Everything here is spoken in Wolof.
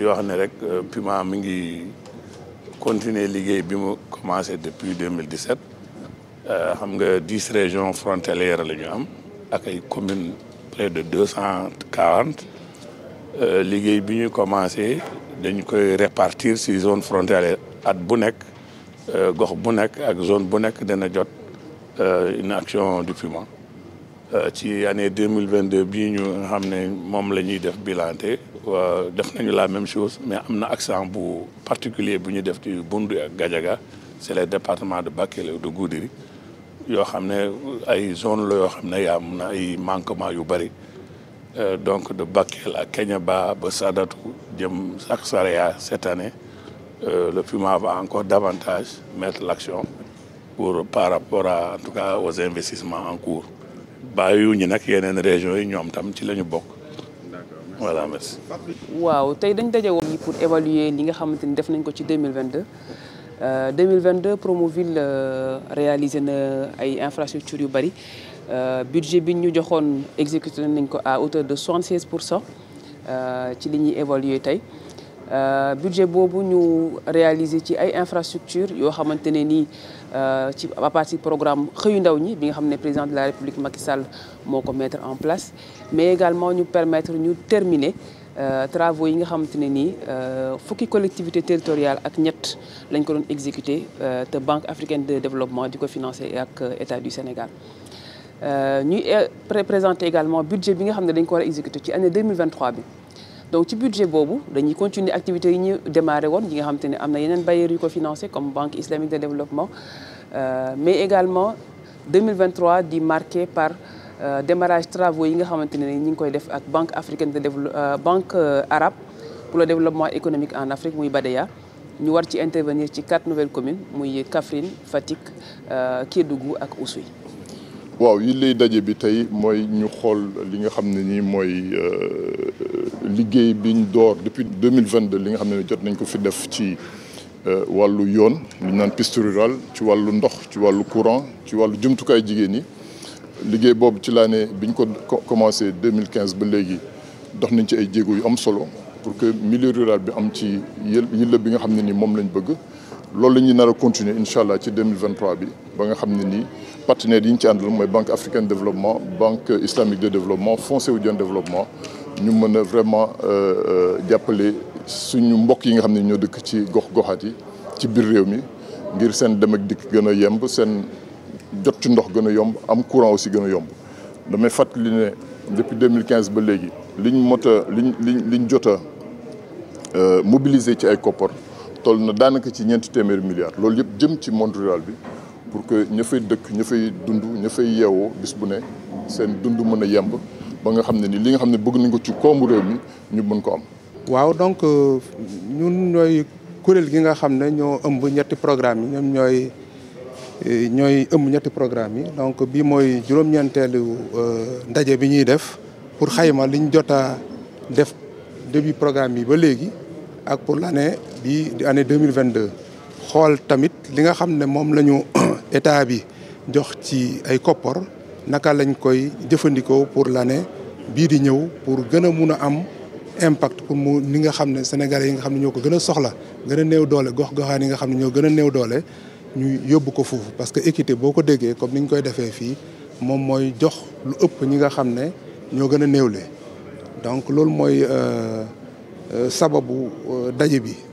yoo xam ne rek euh, Puma mi ngi continuer liggéey bi mu commencé depuis 2017 euh, xam nga dix régions frontalières la ñu am ak ay communes près de deux cent quarante euh, liggéey bi ñuy commencé dañ koy répartir ci zone frontalière at bu nekk gox bu nekk ak zone bu nekk dana jot une action du Puma ci année deux mille vingt deux bii ñu nga xam ne moom la ñuy def bilan Euh, def nañu la même chose mais am na accent bu particulier bu ñu def ci Bundu ak gajaga c'est les département de Bakel de Goudiri yoo xam ne ay zone la yoo xam ne yaa am na ay manquement yu bëri euh, donc de Bakel a Kéniéba ba Sadatou jëm Saxaraya cette année euh, le FUMA va encore davantage mettre l'action pour par rapport à en tout cas aux investissements en cours bàyyiwuñu nag yeneen régions yi ñoom tam ci la ñu bokk voilà waaw tey dañ daje woon pour évaluer li nga xamante ni def nañ ko ci 2022 2022 euh, Promoville euh, réaliser na ay infrastructures yu bari euh, budget bi ñu joxoon exécuté nañ ko à hauteur de 76 pour cent ci li ñuy évaluer tey. Euh, budget boobu ñu réaliser ci ay infrastructures yoo xamante ne nii euh, ci à partir programme xëyu ndaw ñi bi nga xam ne président de la République Macky Sall moo ko mettre en place mais également ñu permettre ñu terminer euh, travaux yi nga xamante ne nii fukki collectivité territoriale ak ñett lañ ko doon exécuter te Banque africaine de développement di ko financer ak État du Sénégal ñu présenter également budget bi nga xam ne dañ ko war a exécuter ci année 2023 bi donc ci budget boobu dañuy continuer activité yi ñu démarré woon yi nga xam ni am na yeneen bailleurs yu ko financé comme Banque islamique de développement euh, mais également 2023 di marqué par euh, démarrage yi nga xamante ne ñu ngi koy def ak Banque africaine de dévelop euh, Banque euh, arabe pour le développement économique en Afrique muy BADEA ñu war ci intervenir ci quatre nouvelles communes muy Kaffrine Fatick euh, Kédougou ak Oussouye waaw yi daje bi tey mooy ñu xool li nga xam ne nii mooy liggéey bi ñu door depuis deux mille vingt deux li nga xam ne jot nañ ko fi def ci euh, wàllu yoon li ñu naan piste rurale ci wàllu ndox ci wàllu courant ci wàllu jumtukaay jigéen ñi liggéey boobu ci laa ne biñ ko commencé deux mille quinze ba léegi dox nañ ci ay jéego yu am solo pour que milieu rural bi am ci yëlla bi nga xam ne ni moom lañ bëgg loolu la ñuy nar a continuer incha allah ci 2023 bi ba nga xam ne nii partenaires yi ñu ci àndal mooy banque africaine de développement banque islamique de développement fonds saoudien développement ñu mën a vraiment euh, euh, jàppale suñu mbokk yi nga xam ne ñoo dëkk ci gox goxaat yi ci biir réew mi ngir seen dem ak dikk gën a yemb seen jot ci ndox gën a yomb am courant aussi gën a yomb damay fàttali ne depuis 2015 ba léegi liñ mot a liñ liñ liñ jot a euh, mobiliser ci ay koppar toll na daanaka ci ñeenti téeméeri milliards loolu yëpp jëm ci monde rural bi pour que ña fay dëkk ña fay dund ña fay yeewoo bis bu ne seen dund mën a yemb ba nga xam ne ni li nga xam ne bëgg nañ ko ci koomu réew mi ñu mën ko am. waaw donc euh, ñun ñooy kuréel gi nga xam ne ñoo ëmb ñetti programme yi ñoom ñooy euh, ñooy ëmb ñetti programme yi donc bii mooy juróom-ñeenteelu euh, ndaje bi ñuy def pour xayma liñ jot def début programme yi ba léegi ak pour l' année bii di année deux mille vingt deux xool tamit li nga xam ne moom la ñu état bi jox ci ay koppar. naka lañ koy jëfandikoo pour l'année bii di ñëw pour gën a mun a am impact pour mu ni nga xam ne sénégalais yi nga xam ne ñoo ko gën a soxla gën a néew doole gox goxaan yi nga xam ne ñoo gën a néew doole ñu yóbbu ko foofu parce que équité boo ko déggee comme ni koy defee fii moom mooy jox lu ëpp ñi nga xam ne ñoo gën a néewle donc loolu mooy euh, euh, sababu euh, daje bi